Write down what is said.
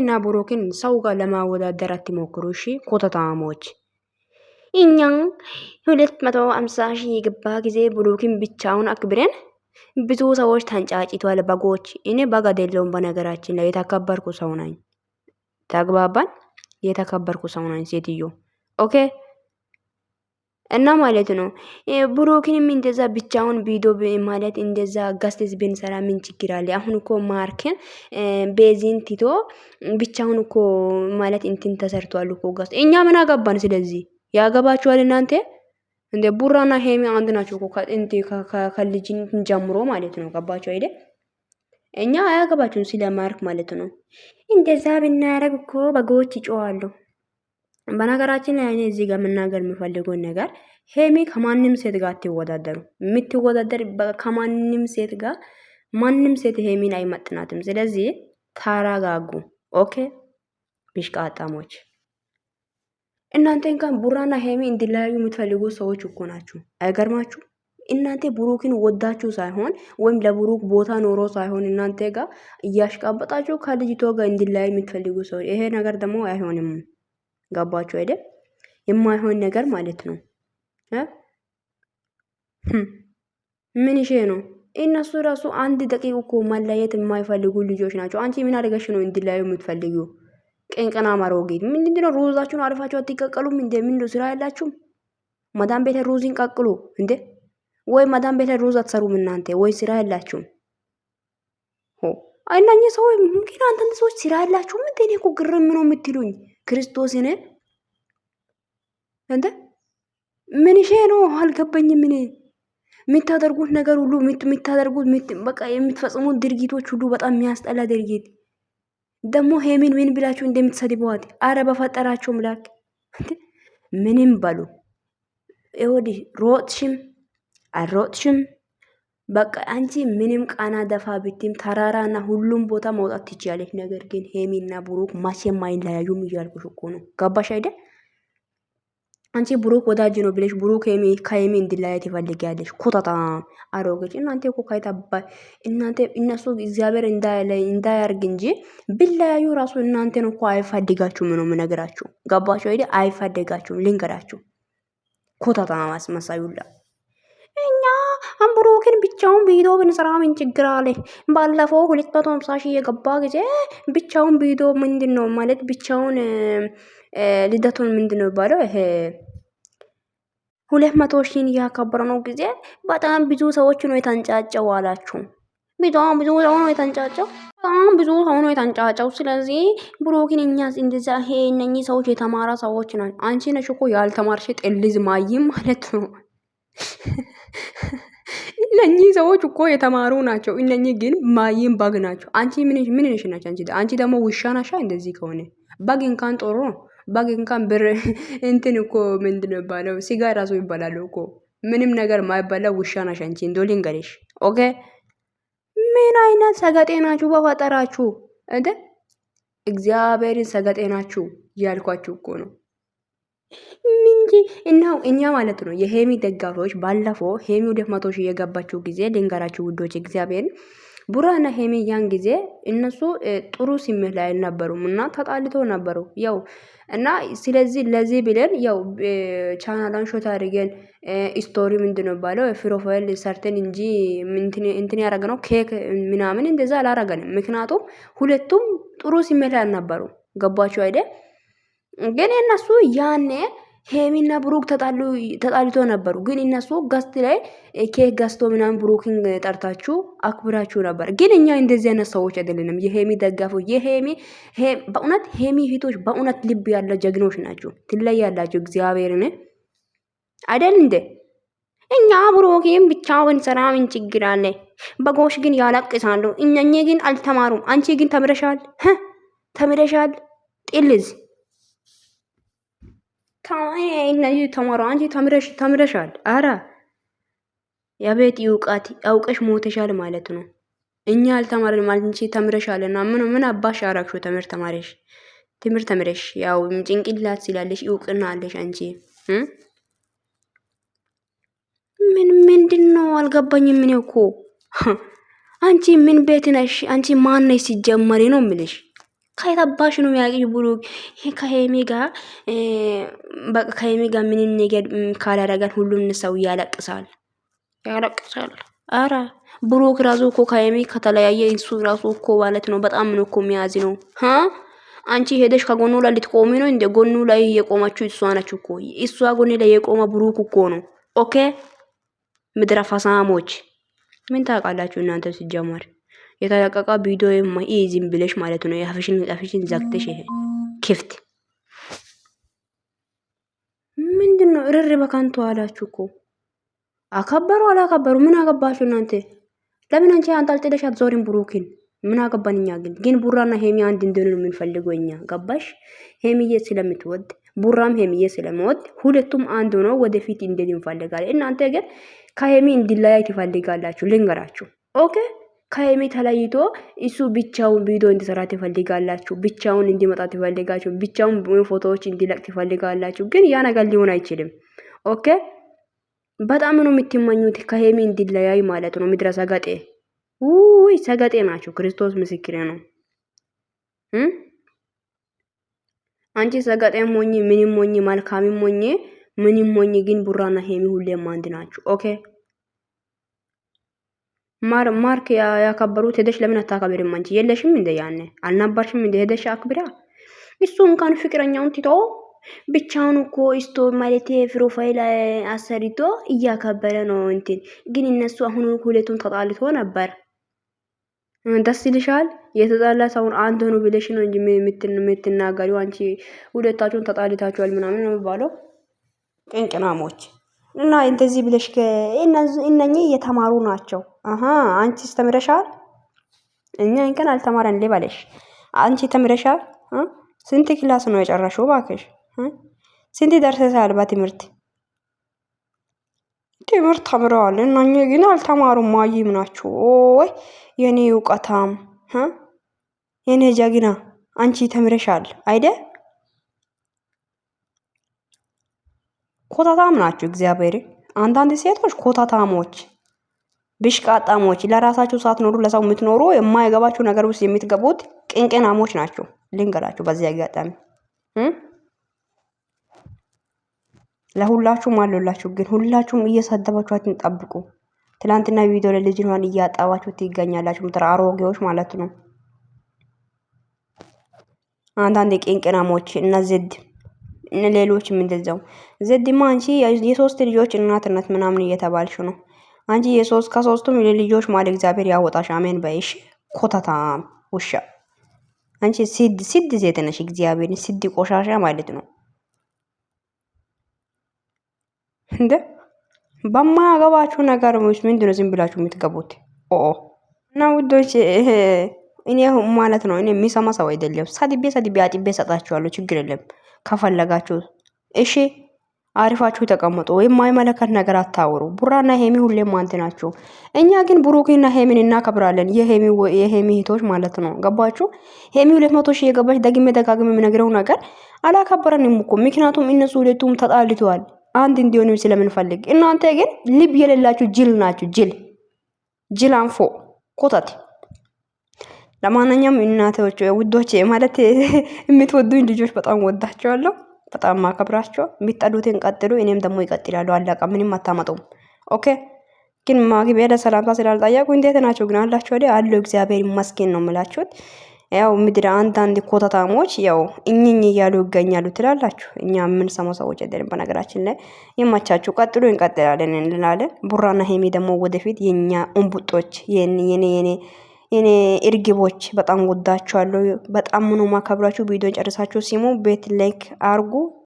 እና ብሩክን ሰው ጋር ለማወዳደር አትሞክሩ። እሺ ኮተታሞች፣ እኛ ሁለት መቶ አምሳ ሺ የገባ ጊዜ ብሩክን ብቻውን አክብረን ብዙ ሰዎች ተንጫጭቷል። በጎች፣ እኔ በግ አይደለሁም። በነገራችን ላይ የተከበርኩ ሰው ነኝ። ተግባባን? የተከበርኩ ሰው ነኝ ሴትዮ። ኦኬ እና ማለት ነው ብሩክንም እንደዛ ብቻውን ቢዶ ማለት እንደዛ ጋስቴስ ብንሰራ ምን ችግር አለ? አሁን እኮ ማርክን ቤዚን ቲቶ ብቻውን እኮ ማለት እንትን ተሰርቷል እኮ ጋስ እኛ ምን አገባን? ስለዚህ ያገባችኋል እናንተ እንደ ቡራና ሄሚ አንድ ናቸው እኮ እንት ከልጅን ጀምሮ ማለት ነው። ገባችሁ አይደ? እኛ አያገባችሁም ስለ ማርክ ማለት ነው። እንደዛ ብናረግ እኮ በጎች ይጮዋሉ። በነገራችን ላይ እኔ እዚህ ጋር መናገር የሚፈልገውን ነገር ሄሚ ከማንም ሴት ጋር አትወዳደሩ። የምትወዳደር ከማንም ሴት ጋር ማንም ሴት ሄሚን አይመጥናትም። ስለዚህ ታረጋጉ። ኦኬ ብሽቃጣሞች፣ እናንተ እንኳን ቡራና ሄሚ እንዲለያዩ የምትፈልጉ ሰዎች እኮ ናችሁ። አይገርማችሁ? እናንተ ብሩክን ወዳችሁ ሳይሆን ወይም ለብሩክ ቦታ ኖሮ ሳይሆን እናንተ ጋር እያሽቃበጣችሁ ከልጅቶ ጋር እንዲለያዩ የምትፈልጉ ሰዎች፣ ይሄ ነገር ደግሞ አይሆንም። ገባችሁ አይደል? የማይሆን ነገር ማለት ነው። ምን ይሄ ነው? እነሱ ራሱ አንድ ደቂቅ እኮ መለየት የማይፈልጉ ልጆች ናቸው። አንቺ ምን አደረገሽ ነው እንዲለያዩ የምትፈልጊው? ቅንቅና ማሮጌት ነው? ሩዛችሁን አርፋችሁ አትቀቀሉም? እንደ ምን ስራ ያላችሁም ማዳም ቤተ ሩዝን ቀቅሉ እንዴ? ወይ ማዳም ቤተ ሩዝ አትሰሩም እናንተ? ወይ ስራ ያላችሁም? ሆ አይናኛ ሰው ምን ግን ሰዎች ስራ ያላችሁም እንዴ? እኔ እኮ ግርም ነው የምትሉኝ። ክርስቶስን እንደ ምን ነው አልገባኝም። ምን የምታደርጉት ነገር ሁሉ የምታደርጉት በቃ የምትፈጽሙት ድርጊቶች ሁሉ በጣም የሚያስጠላ ድርጊት ደግሞ ሄሚን ምን ብላችሁ እንደምትሰድበዋት አረ በፈጠራችሁ ምላክ ምንም በሉ ወዲህ ሮጥሽም አልሮጥሽም በቃ አንቺ ምንም ቃና ደፋ ብትም ተራራና ሁሉም ቦታ መውጣት ትችያለሽ። ነገር ግን ሄሚና ብሩክ መቼም አይለያዩም እያልኩሽ እኮ ነው። ገባሽ አይደል? አንቺ ብሩክ ወዳጅ ነው ብለሽ ብሩክ ሄሚ ከሄሚ እንዲለያየት ይፈልጊያለሽ። ኮታታ አሮገች እናንተ እኮ ካይታባ እናንተ እነሱ እግዚአብሔር እንዳያርግ እንጂ ቢለያዩ ራሱ እናንተን እኮ አይፈልጋችሁም ነው የምነግራችሁ። ገባችሁ አይደል? አይፈልጋችሁም ልንገራችሁ። ኮታታ ማስመሳዩላ እኛ አምብሮክን ብቻውን ቪዲዮ ብንሰራ ምን ችግር አለ? ባለፈው ሁለት መቶ ሀምሳ ሺህ የገባ ጊዜ ብቻውን ቪዲዮ ምንድን ነው ማለት ብቻውን ልደቱን ምንድን ነው ይባለው ይሄ ሁለት መቶ ሺህን እያከበረ ነው ጊዜ በጣም ብዙ ሰዎች ነው የተንጫጨው አላችሁ። በጣም ብዙ ሰው ነው የተንጫጨው፣ በጣም ብዙ ሰው ነው የተንጫጨው። ስለዚህ ብሮኪን እኛ እንደዛ ይሄ እነኚህ ሰዎች የተማራ ሰዎች ነን። አንቺ ነሽ እኮ ያልተማርሽ ጥልዝ ማይም ማለት ነው። እነኚህ ሰዎች እኮ የተማሩ ናቸው። እነኚህ ግን ማይም ባግ ናቸው። አንቺ ምን ነሽ ናቸው? አንቺ አንቺ ደግሞ ውሻ ናሻ። እንደዚህ ከሆነ ባግ እንኳን ጦሮ ባግ እንኳን ብር እንትን እኮ ምንድን ይባለው ሲጋ ራሱ ይባላሉ እኮ ምንም ነገር ማይባላ ውሻ ናሽ አንቺ። እንዶ ልንገርሽ። ኦኬ ምን አይነት ሰገጤ ናችሁ በፈጠራችሁ እንደ እግዚአብሔርን ሰገጤ ናችሁ ያልኳችሁ እኮ ነው። እንጂ እናው እኛ ማለት ነው የሄሚ ደጋፊዎች ባለፈው ሄሚ ወደ መቶ ሺህ የገባችው ጊዜ ልንገራችሁ ውዶች እግዚአብሔር ቡራና ሄሚ ያን ጊዜ እነሱ ጥሩ ስሜት ላይ አልነበሩም እና ተጣልቶ ነበሩ። ያው እና ስለዚህ ለዚህ ብለን ያው ቻናላን ሾት አድርገን ስቶሪ ምንድን ነው ባለው ፕሮፋይል ሰርተን እንጂ እንትን ያደረገ ነው ኬክ ምናምን እንደዛ አላረገንም። ምክንያቱም ሁለቱም ጥሩ ስሜት ላይ አልነበሩ። ገባቸው አይደ ግን እነሱ ያኔ ሄሚና ብሩክ ተጣልቶ ነበሩ፣ ግን እነሱ ጋስት ላይ ኬክ ገዝቶ ምናምን ብሩክን ጠርታችሁ አክብራችሁ ነበር። ግን እኛ እንደዚህ አይነት ሰዎች አይደለንም። የሄሚ ደጋፊዎች የሄሚ በእውነት ሄሚ ፊቶች በእውነት ልብ ያለ ጀግኖች ናቸው። ትለያላችሁ። እግዚአብሔርን አይደል እንዴ? እኛ ብሮኬም ብቻውን ስራ ምን ችግር አለ? በጎሽ ግን ያለቅሳሉ። እኛኜ ግን አልተማሩም። አንቺ ግን ተምረሻል፣ ተምረሻል ጤልዝ ተማሯ አንቺ ተምረሽ ተምረሻል። አረ የቤት እውቀት አውቀሽ ሞተሻል ማለት ነው። እኛ አልተማርን ማለት እንጂ ተምረሻል። እና ምን ምን አባሽ አራክሹ ተምር ተማሪሽ ትምህርት ተምረሽ ያው ጭንቅላት ሲላለሽ እውቅና አለሽ አንቺ ምን ምንድን ነው አልገባኝም። ምን እኮ አንቺ ምን ቤት ነሽ? አንቺ ማን ነሽ ሲጀመሪ ነው ምልሽ ከየት አባሽ ነው የሚያውቅሽ? ብሩክ ከሄሜ ጋር በቃ ከሄሜ ጋር ምንም ነገር ካላረጋን ሁሉም ሰው ያለቅሳል ያለቅሳል። አረ ብሩክ ራሱ እኮ ከሄሜ ከተለያየ እሱ ራሱ እኮ ማለት ነው በጣም ነው እኮ የሚያዝ ነው። አንቺ ሄደሽ ከጎኑ ላይ ልትቆሚ ነው እንደ ጎኑ ላይ የቆመችው እሷ ናችሁ እኮ እሷ ጎኔ ላይ የቆመ ብሩክ እኮ ነው። ኦኬ ምድረ ፈሳሞች ምን ታውቃላችሁ እናንተ ሲጀመር የተለቀቀ ቪዲዮ ይህ ዝም ብለሽ ማለት ነው የአፍሽን አፍሽን ዘግተሽ ይሄ ክፍት ምንድን ነው? እርር በከንቱ አላችሁ እኮ አከበሩ አላከበሩ ምን አገባችሁ እናንተ? ለምን አንቺ አንጠልጥለሽ አትዞሪም? ብሩክን ምን አገባን እኛ። ግን ግን ቡራና ሄሚ አንድ እንድን ነው የምንፈልገው እኛ። ገባሽ? ሄሚዬ ስለምትወድ ቡራም ሄሚዬ ስለምወድ ሁለቱም አንድ ነው ወደፊት እንደዚህ እንፈልጋለን። እናንተ ግን ከሄሚ እንዲለያይ ትፈልጋላችሁ። ልንገራችሁ ኦኬ ከሀይሚ ተለይቶ እሱ ብቻውን ቪዲዮ እንዲሰራ ትፈልጋላችሁ፣ ብቻውን እንዲመጣ ትፈልጋችሁ፣ ብቻውን ፎቶዎች እንዲለቅ ትፈልጋላችሁ። ግን ያ ነገር ሊሆን አይችልም። ኦኬ በጣም ነው የምትመኙት ከሀይሚ እንዲለያይ ማለት ነው። ምድረ ሰገጤ ውይ ሰገጤ ናቸው። ክርስቶስ ምስክሬ ነው። አንቺ ሰገጤ ሞኝ፣ ምንም ሞኝ፣ መልካም ሞኝ፣ ምንም ሞኝ፣ ግን ቡራና ሀይሚ ሁሌም አንድ ናችሁ። ኦኬ ማር ማርክ ያከበሩት ሄደሽ ለምን አታከብሪም? አንቺ የለሽም እንደ ያኔ አልነበርሽም እንደ ሄደሽ አክብራ። እሱ እንኳን ፍቅረኛውን ትቶ ብቻውን እኮ ስቶ ማለት ፕሮፋይል አሰሪቶ እያከበረ ነው። እንትን ግን እነሱ አሁን ሁለቱን ተጣልቶ ነበር። ደስ ይልሻል? የተጣላ ሰውን አንድ ሆኑ ብለሽ ነው እንጂ የምትናገሪው አንቺ። ሁለታችሁን ተጣልታችኋል ምናምን ነው የሚባለው ቅንቅናሞች እና እንደዚህ ብለሽ እነኚህ እየተማሩ ናቸው። አንቺ ስተምረሻል፣ እኛ እንከን አልተማረን እንዴ ባለሽ። አንቺ ተምረሻል? ስንት ክላስ ነው የጨረሽው? ባክሽ ስንት ደርሰሻል? በትምህርት ትምህርት ተምረዋል። እነኚህ ግን አልተማሩም። ማይም ናቸው። ወይ የኔ እውቀታም የኔ ጀግና አንቺ ተምረሻል አይደ ኮታታም ናቸው። እግዚአብሔር አንዳንድ ሴቶች ኮታታሞች፣ ብሽቃጣሞች ለራሳቸው ሳትኖሩ ለሰው የምትኖሩ የማይገባቸው ነገር ውስጥ የምትገቡት ቅንቅናሞች ናቸው። ልንገራችሁ በዚህ አጋጣሚ ለሁላችሁም አለላችሁ። ግን ሁላችሁም እየሰደባችሁ አትንጠብቁ። ትላንትና ቪዲዮ ለልጅ ለልጅኗን እያጣባችሁ ትገኛላችሁ። ምትር አሮጌዎች ማለት ነው። አንዳንድ ቅንቅናሞች ዝድ ሌሎችም እንደዛው። ዘዲማ አንቺ የሶስት ልጆች እናትነት ምናምን እየተባልሽ ነው። አንቺ የሶስት ከሶስቱም ልጆች ማለ እግዚአብሔር ያወጣሽ። አሜን በይሽ። ኮተታም ውሻ አንቺ ሲድ ሲድ ሴት ነሽ። እግዚአብሔር ሲድ ቆሻሻ ማለት ነው እንደ በማያገባችሁ ነገር ምንድን ነው ዝም ብላችሁ የምትገቡት? ኦ እና ውዶች እኔ ማለት ነው እኔ የሚሰማ ሰው አይደለም። ሰድቤ ሰድቤ አጥቤ ሰጣችኋለሁ። ችግር የለም። ከፈለጋችሁ እሺ። አሪፋችሁ ተቀምጡ፣ ወይም ማይመለከት ነገር አታውሩ። ቡራና ሄሚ ሁሌም አንት ናችሁ። እኛ ግን ብሩክና ሄሚን እናከብራለን፣ የሄሚ ሂቶች ማለት ነው። ገባችሁ? ሄሚ ሁለት መቶ ሺህ የገባች ደግሜ ደጋግሜ የምነግረው ነገር አላከበረንም እኮ ምክንያቱም እነሱ ሁለቱም ተጣልተዋል፣ አንድ እንዲሆንም ስለምንፈልግ። እናንተ ግን ልብ የሌላችሁ ጅል ናችሁ። ጅል ጅል፣ አንፎ ኮተት ለማንኛውም እናቶች ውዶች ማለት የምትወዱኝ ልጆች በጣም ወዳቸዋለሁ፣ በጣም ማከብራቸው። የሚጠሉትን ቀጥሉ፣ እኔም ደግሞ ይቀጥላሉ። አለቃ ምንም አታመጡም። ኦኬ። ግን ማግቢያ ለሰላምታ ስላልጠየቁ እንዴት ናቸው ግን አላቸው ወደ አለው እግዚአብሔር ይመስገን ነው የምላችሁት። ያው ምድር አንዳንድ ኮተታሞች ያው እኝኝ እያሉ ይገኛሉ ትላላችሁ። እኛ የምንሰማው ሰዎች አይደለም። በነገራችን ላይ የማቻችሁ ቀጥሎ እንቀጥላለን እንላለን። ቡራና ሄሜ ደግሞ ወደፊት የእኛ እንቡጦች የኔ የኔ እኔ እርግቦች በጣም ወዳችኋለሁ። በጣም ነው ማከብራችሁ። ቪዲዮ ጨርሳችሁ ሲሙ ቤት ላይክ አርጉ።